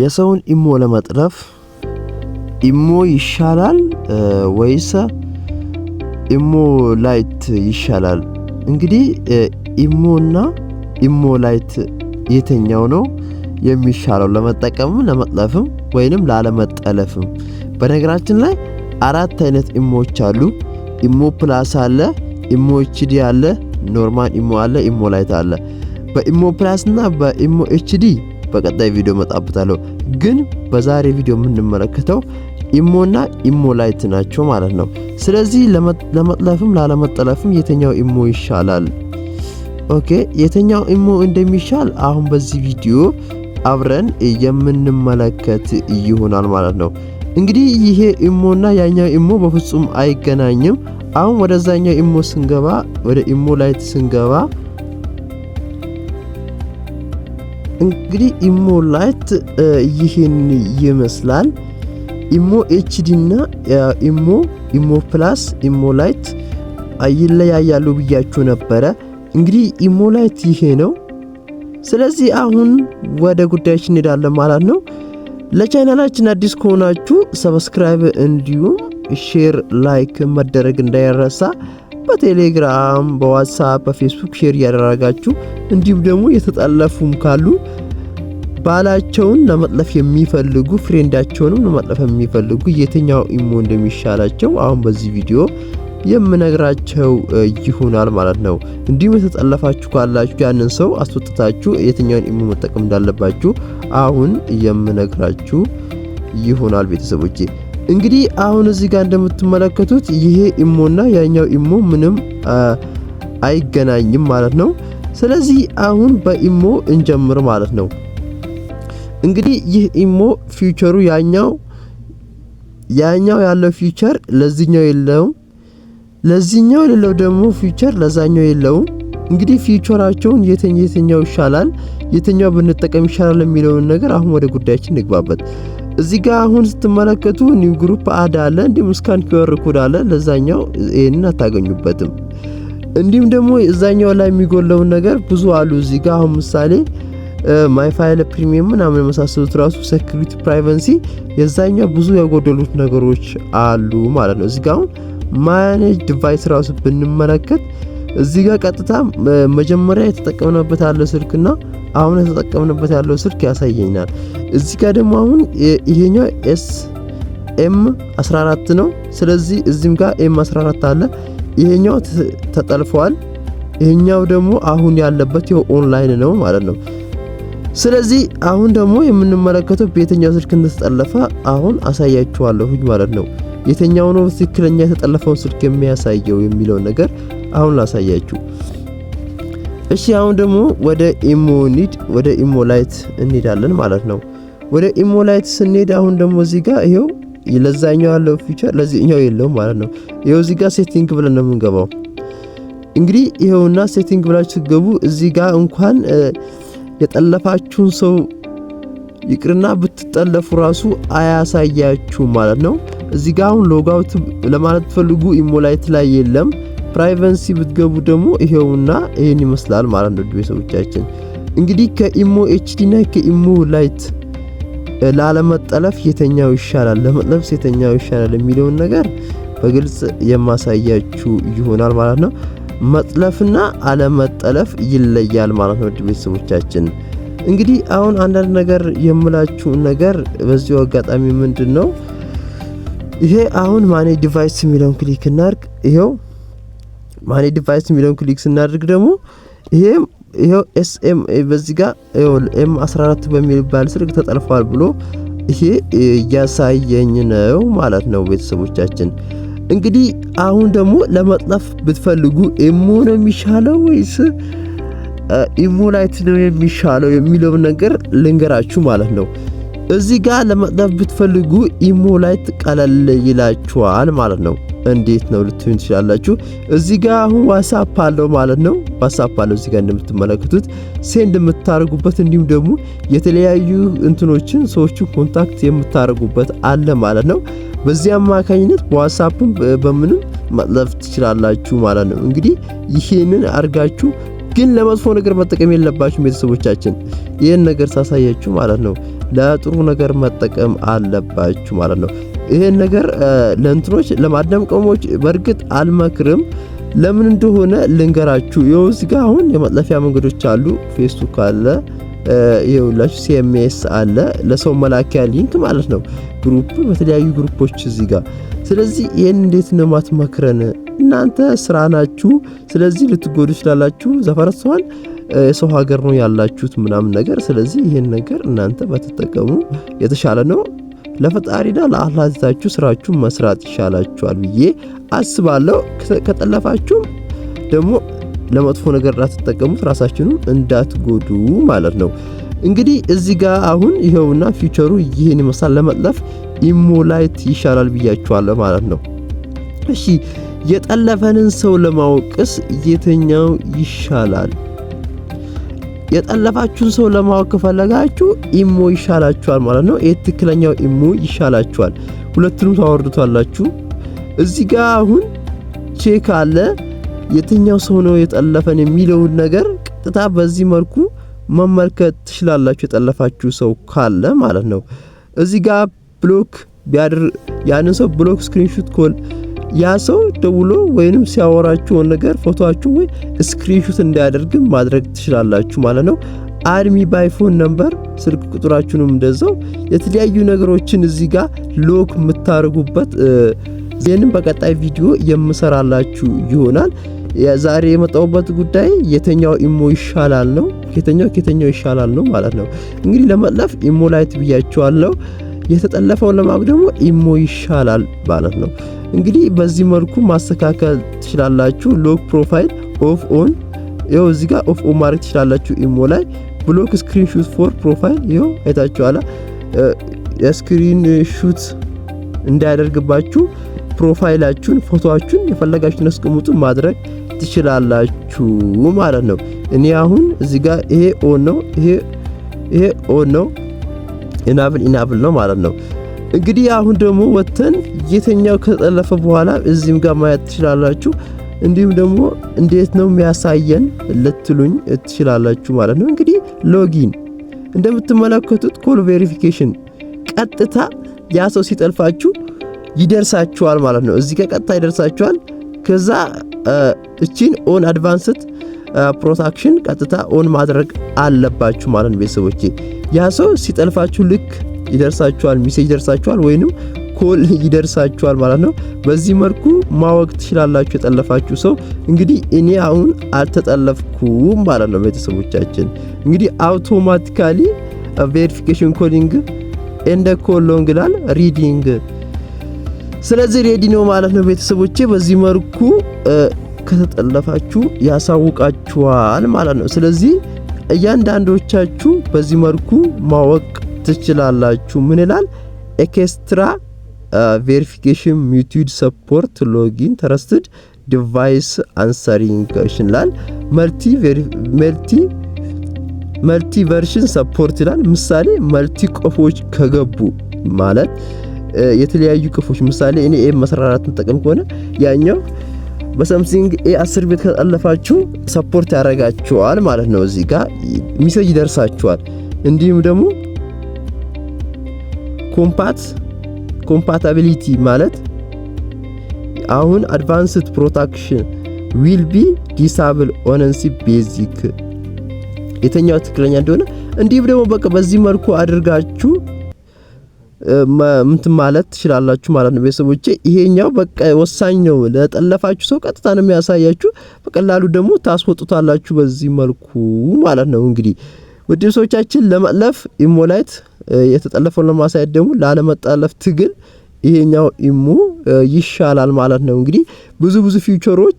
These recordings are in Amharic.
የሰውን ኢሞ ለመጥረፍ ኢሞ ይሻላል ወይስ ኢሞ ላይት ይሻላል? እንግዲህ ኢሞና ኢሞ ላይት የትኛው ነው የሚሻለው ለመጠቀምም ለመጥለፍም ወይንም ላለመጠለፍም? በነገራችን ላይ አራት አይነት ኢሞዎች አሉ። ኢሞ ፕላስ አለ፣ ኢሞ ኤችዲ አለ፣ ኖርማል ኢሞ አለ፣ ኢሞ ላይት አለ። በኢሞ ፕላስ እና በኢሞ ኤችዲ በቀጣይ ቪዲዮ መጣበታለሁ። ግን በዛሬ ቪዲዮ የምንመለከተው ኢሞና ኢሞ ላይት ናቸው ማለት ነው። ስለዚህ ለመጥለፍም ላለመጠለፍም የተኛው ኢሞ ይሻላል? ኦኬ የተኛው ኢሞ እንደሚሻል አሁን በዚህ ቪዲዮ አብረን የምንመለከት ይሆናል ማለት ነው። እንግዲህ ይሄ ኢሞና ያኛው ኢሞ በፍጹም አይገናኝም። አሁን ወደዛኛው ኢሞ ስንገባ ወደ ኢሞ ላይት ስንገባ እንግዲህ ኢሞ ላይት ይህን ይመስላል። ኢሞ ኤችዲ እና ኢሞ ኢሞ ፕላስ ኢሞ ላይት ይለያያሉ ብያችሁ ነበረ። እንግዲህ ኢሞ ላይት ይሄ ነው። ስለዚህ አሁን ወደ ጉዳያችን እንሄዳለን ማለት ነው። ለቻናላችን አዲስ ከሆናችሁ ሰብስክራይብ እንዲሁም ሼር ላይክ መደረግ እንዳይረሳ። በቴሌግራም፣ በዋትሳፕ፣ በፌስቡክ ሼር እያደረጋችሁ እንዲሁም ደግሞ የተጠለፉም ካሉ ባላቸውን ለመጥለፍ የሚፈልጉ ፍሬንዳቸውንም ለመጥለፍ የሚፈልጉ የትኛው ኢሞ እንደሚሻላቸው አሁን በዚህ ቪዲዮ የምነግራቸው ይሆናል ማለት ነው። እንዲሁም የተጠለፋችሁ ካላችሁ ያንን ሰው አስወጥታችሁ የትኛውን ኢሞ መጠቀም እንዳለባችሁ አሁን የምነግራችሁ ይሆናል ቤተሰቦቼ። እንግዲህ አሁን እዚህ ጋር እንደምትመለከቱት ይሄ ኢሞና ያኛው ኢሞ ምንም አይገናኝም ማለት ነው። ስለዚህ አሁን በኢሞ እንጀምር ማለት ነው። እንግዲህ ይህ ኢሞ ፊውቸሩ ያኛው ያኛው ያለው ፊውቸር ለዚህኛው የለውም፣ ለዚህኛው የሌለው ደግሞ ፊውቸር ለዛኛው የለውም። እንግዲህ ፊውቸራቸውን የትኛው ይሻላል፣ የትኛው ብንጠቀም ይሻላል የሚለውን ነገር አሁን ወደ ጉዳያችን እንግባበት እዚህ ጋር አሁን ስትመለከቱ ኒው ግሩፕ አድ አለ፣ እንዲሁም ስካን ኪወር ኮድ አለ። ለዛኛው ይህንን አታገኙበትም። እንዲሁም ደግሞ እዛኛው ላይ የሚጎለውን ነገር ብዙ አሉ። እዚህ ጋር አሁን ምሳሌ ማይፋይል ፕሪሚየም ምናምን የመሳሰሉት ራሱ ሴኩሪቲ፣ ፕራይቨንሲ የዛኛው ብዙ ያጎደሉት ነገሮች አሉ ማለት ነው። እዚህ ጋ አሁን ማኔጅ ዲቫይስ ራሱ ብንመለከት እዚህ ጋር ቀጥታ መጀመሪያ የተጠቀምነበት አለ ስልክና አሁን የተጠቀምንበት ያለው ስልክ ያሳየኛል። እዚህ ጋር ደግሞ አሁን ይሄኛው ኤስ ኤም 14 ነው። ስለዚህ እዚህም ጋር ኤም 14 አለ። ይሄኛው ተጠልፈዋል ይሄኛው ደግሞ አሁን ያለበት ኦንላይን ነው ማለት ነው። ስለዚህ አሁን ደግሞ የምንመለከተው በየትኛው ስልክ እንደተጠለፈ አሁን አሳያችኋለሁኝ ማለት ነው። የትኛው ነው ትክክለኛ የተጠለፈውን ስልክ የሚያሳየው የሚለውን ነገር አሁን ላሳያችሁ። እሺ አሁን ደግሞ ወደ ኢሞኒድ ወደ ኢሞላይት እንሄዳለን ማለት ነው። ወደ ኢሞላይት ስንሄድ አሁን ደግሞ እዚህ ጋር ይሄው ለዛኛው ያለው ፊቸር ለዚህኛው የለውም ማለት ነው። ይሄው እዚህ ጋር ሴቲንግ ብለን ነው የምንገባው። እንግዲህ ይሄውና ሴቲንግ ብላችሁ ስትገቡ እዚህ ጋር እንኳን የጠለፋችሁን ሰው ይቅርና ብትጠለፉ ራሱ አያሳያችሁም ማለት ነው። እዚህ ጋር አሁን ሎጋውት ለማለት ትፈልጉ ኢሞላይት ላይ የለም። ፕራይቨንሲ ብትገቡ ደግሞ ይሄውና ይሄን ይመስላል ማለት ነው። ቤተሰቦቻችን እንግዲህ ከኢሞ ኤችዲ እና ከኢሞ ላይት ላለመጠለፍ የተኛው ይሻላል፣ ለመጥለፍስ የተኛው ይሻላል የሚለውን ነገር በግልጽ የማሳያችሁ ይሆናል ማለት ነው። መጥለፍና አለመጠለፍ ይለያል ማለት ነው። ቤተሰቦቻችን እንግዲህ አሁን አንዳንድ ነገር የምላችሁ ነገር በዚሁ አጋጣሚ ምንድን ነው ይሄ አሁን ማኔጅ ዲቫይስ የሚለውን ክሊክ እናርግ ይኸው ማኒ ዲቫይስ የሚለውን ክሊክ ስናደርግ ደግሞ ይሄም ይሄው ኤስኤም በዚህ ጋር ኤም 14 በሚባል ስልክ ተጠልፏል ብሎ ይሄ እያሳየኝ ነው ማለት ነው። ቤተሰቦቻችን እንግዲህ አሁን ደግሞ ለመጥለፍ ብትፈልጉ ኤሞ ነው የሚሻለው ወይስ ኢሞ ላይት ነው የሚሻለው የሚለው ነገር ልንገራችሁ ማለት ነው። እዚህ ጋር ለመጥለፍ ብትፈልጉ ኢሞ ላይት ቀለል ይላችኋል ማለት ነው። እንዴት ነው ልትሆን ትችላላችሁ። እዚህ ጋ አሁን ዋትሳፕ አለው ማለት ነው። ዋትሳፕ አለው እዚህ ጋ እንደምትመለከቱት ሴንድ የምታደርጉበት እንዲሁም ደግሞ የተለያዩ እንትኖችን ሰዎችን ኮንታክት የምታደርጉበት አለ ማለት ነው። በዚህ አማካኝነት በዋትሳፕም በምንም መጥለፍ ትችላላችሁ ማለት ነው። እንግዲህ ይህንን አድርጋችሁ ግን ለመጥፎ ነገር መጠቀም የለባችሁም ቤተሰቦቻችን። ይህን ነገር ሳሳያችሁ ማለት ነው ለጥሩ ነገር መጠቀም አለባችሁ ማለት ነው። ይሄን ነገር ለእንትኖች ለማዳም ቅመሞች በእርግጥ አልመክርም። ለምን እንደሆነ ልንገራችሁ። ይኸው እዚህ ጋ አሁን የማጥለፊያ መንገዶች አሉ። ፌስቡክ አለ፣ ይኸውላችሁ ሲኤምኤስ አለ፣ ለሰው መላኪያ ሊንክ ማለት ነው። ግሩፕ በተለያዩ ግሩፖች እዚህ ጋ። ስለዚህ ይህን እንዴት ነው ማትመክረን? እናንተ ስራ ናችሁ። ስለዚህ ልትጎዱ ይችላላችሁ። ዘፈረሰዋል የሰው ሀገር ነው ያላችሁት ምናምን ነገር። ስለዚህ ይህን ነገር እናንተ በተጠቀሙ የተሻለ ነው። ለፈጣሪና ለአላህ አዝዛችሁ ስራችሁን መስራት ይሻላችኋል ብዬ አስባለሁ። ከጠለፋችሁም ደግሞ ለመጥፎ ነገር እንዳትጠቀሙት፣ ራሳችሁንም እንዳትጎዱ ማለት ነው። እንግዲህ እዚህ ጋር አሁን ይኸውና ፊቸሩ ይህን ይመስላል። ለመጥለፍ ኢሞላይት ይሻላል ብያችኋለሁ ማለት ነው። እሺ የጠለፈንን ሰው ለማወቅስ የትኛው ይሻላል? የጠለፋችሁን ሰው ለማወቅ ከፈለጋችሁ ኢሞ ይሻላችኋል ማለት ነው። ይህ ትክክለኛው ኢሞ ይሻላችኋል። ሁለቱንም ታወርዱታላችሁ። እዚህ ጋር አሁን ቼክ አለ። የትኛው ሰው ነው የጠለፈን የሚለውን ነገር ቀጥታ በዚህ መልኩ መመልከት ትችላላችሁ። የጠለፋችሁ ሰው ካለ ማለት ነው። እዚህ ጋር ብሎክ ያንን ሰው ብሎክ ስክሪንሹት ኮል ያ ሰው ደውሎ ወይንም ሲያወራችሁን ነገር ፎቶችሁ ወይ ስክሪንሾት እንዳያደርግም ማድረግ ትችላላችሁ ማለት ነው። አድሚ ባይ ፎን ነምበር ስልክ ቁጥራችሁንም እንደዛው የተለያዩ ነገሮችን እዚህ ጋር ሎክ የምታደርጉበት ዜንም በቀጣይ ቪዲዮ የምሰራላችሁ ይሆናል። ዛሬ የመጣውበት ጉዳይ የተኛው ኢሞ ይሻላል ነው። የተኛው ከተኛው ይሻላል ነው ማለት ነው። እንግዲህ ለመጥለፍ ኢሞ ላይት ብያችኋለሁ። የተጠለፈውን ለማወቅ ደግሞ ኢሞ ይሻላል ማለት ነው። እንግዲህ በዚህ መልኩ ማስተካከል ትችላላችሁ። ሎክ ፕሮፋይል ኦፍ ኦን ይኸው እዚህ ጋር ኦፍ ኦን ማድረግ ትችላላችሁ ኢሞ ላይ። ብሎክ ስክሪን ሹት ፎር ፕሮፋይል ይኸው አይታችኋላ። የስክሪን ሹት እንዳያደርግባችሁ ፕሮፋይላችሁን፣ ፎቶችሁን የፈለጋችሁን አስቀምጡ ማድረግ ትችላላችሁ ማለት ነው። እኔ አሁን እዚህ ጋር ይሄ ኦን ነው፣ ይሄ ኦን ነው ኢናብል ኢናብል ነው ማለት ነው። እንግዲህ አሁን ደግሞ ወጥተን የተኛው ከተጠለፈ በኋላ እዚህም ጋር ማየት ትችላላችሁ። እንዲሁም ደግሞ እንዴት ነው የሚያሳየን ልትሉኝ ትችላላችሁ ማለት ነው። እንግዲህ ሎጊን እንደምትመለከቱት ኮል ቬሪፊኬሽን ቀጥታ ያ ሰው ሲጠልፋችሁ ይደርሳችኋል ማለት ነው። እዚህ ጋር ቀጥታ ይደርሳችኋል። ከዛ እቺን ኦን አድቫንስድ ፕሮታክሽን ቀጥታ ኦን ማድረግ አለባችሁ ማለት ነው ቤተሰቦች ያ ሰው ሲጠልፋችሁ ልክ ይደርሳችኋል፣ ሚሴጅ ይደርሳችኋል ወይንም ኮል ይደርሳችኋል ማለት ነው። በዚህ መልኩ ማወቅ ትችላላችሁ የጠለፋችሁ ሰው። እንግዲህ እኔ አሁን አልተጠለፍኩም ማለት ነው ቤተሰቦቻችን። እንግዲህ አውቶማቲካሊ ቬሪፊኬሽን ኮሊንግ ኤንደ ኮል ሎንግ ላል ሪዲንግ ስለዚህ ሬዲ ነው ማለት ነው ቤተሰቦቼ። በዚህ መልኩ ከተጠለፋችሁ ያሳውቃችሁ ይኖራችኋል ማለት ነው። ስለዚህ እያንዳንዶቻችሁ በዚህ መልኩ ማወቅ ትችላላችሁ። ምን ይላል ኤክስትራ ቬሪፊኬሽን ሚቲድ ሰፖርት ሎጊን ትረስትድ ዲቫይስ አንሰሪንግ ይላል። መልቲ ቨርሽን ሰፖርት ይላል። ምሳሌ መልቲ ቆፎች ከገቡ ማለት የተለያዩ ቅፎች ምሳሌ እኔ ኤም 14 መጠቀም ከሆነ ያኛው በሳምሲንግ ኤ አስር ቤት ከተጠለፋችሁ ሰፖርት ያደርጋችኋል ማለት ነው። እዚህ ጋር ሚሴጅ ይደርሳችኋል። እንዲሁም ደግሞ ኮምፓት ኮምፓታቢሊቲ ማለት አሁን አድቫንስድ ፕሮታክሽን ዊል ቢ ዲሳብል ኦነንሲ ቤዚክ የተኛው ትክክለኛ እንደሆነ እንዲሁም ደግሞ በቃ በዚህ መልኩ አድርጋችሁ ምንትን ማለት ትችላላችሁ ማለት ነው ቤተሰቦቼ። ይሄኛው በቃ ወሳኝ ነው። ለጠለፋችሁ ሰው ቀጥታ ነው የሚያሳያችሁ። በቀላሉ ደግሞ ታስወጡታላችሁ በዚህ መልኩ ማለት ነው። እንግዲህ ውድ ሰዎቻችን ለመጥለፍ ኢሞላይት የተጠለፈውን ለማሳየት ደግሞ ላለመጠለፍ ትግል ይሄኛው ኢሞ ይሻላል ማለት ነው። እንግዲህ ብዙ ብዙ ፊውቸሮች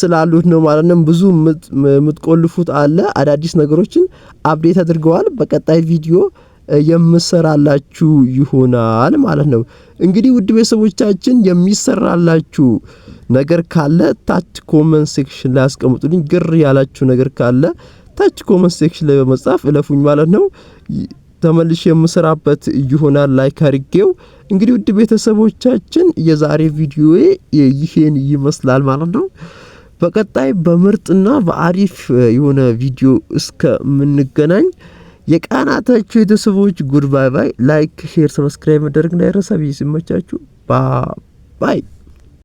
ስላሉት ነው ማለት ነው። ብዙ የምትቆልፉት አለ። አዳዲስ ነገሮችን አፕዴት አድርገዋል። በቀጣይ ቪዲዮ የምሰራላችሁ ይሆናል ማለት ነው። እንግዲህ ውድ ቤተሰቦቻችን የሚሰራላችሁ ነገር ካለ ታች ኮመንት ሴክሽን ላይ አስቀምጡልኝ። ግር ያላችሁ ነገር ካለ ታች ኮመንት ሴክሽን ላይ በመጻፍ እለፉኝ ማለት ነው። ተመልሼ የምሰራበት ይሆናል ላይክ አድርጌው። እንግዲህ ውድ ቤተሰቦቻችን የዛሬ ቪዲዮዬ ይሄን ይመስላል ማለት ነው። በቀጣይ በምርጥና በአሪፍ የሆነ ቪዲዮ እስከምንገናኝ የቃናታችሁ ቤተሰቦች ጉድ ባይ ባይ። ላይክ፣ ሼር፣ ሰብስክራይብ መደረግ እንዳይረሳ። ቢስ ይመቻችሁ። ባይ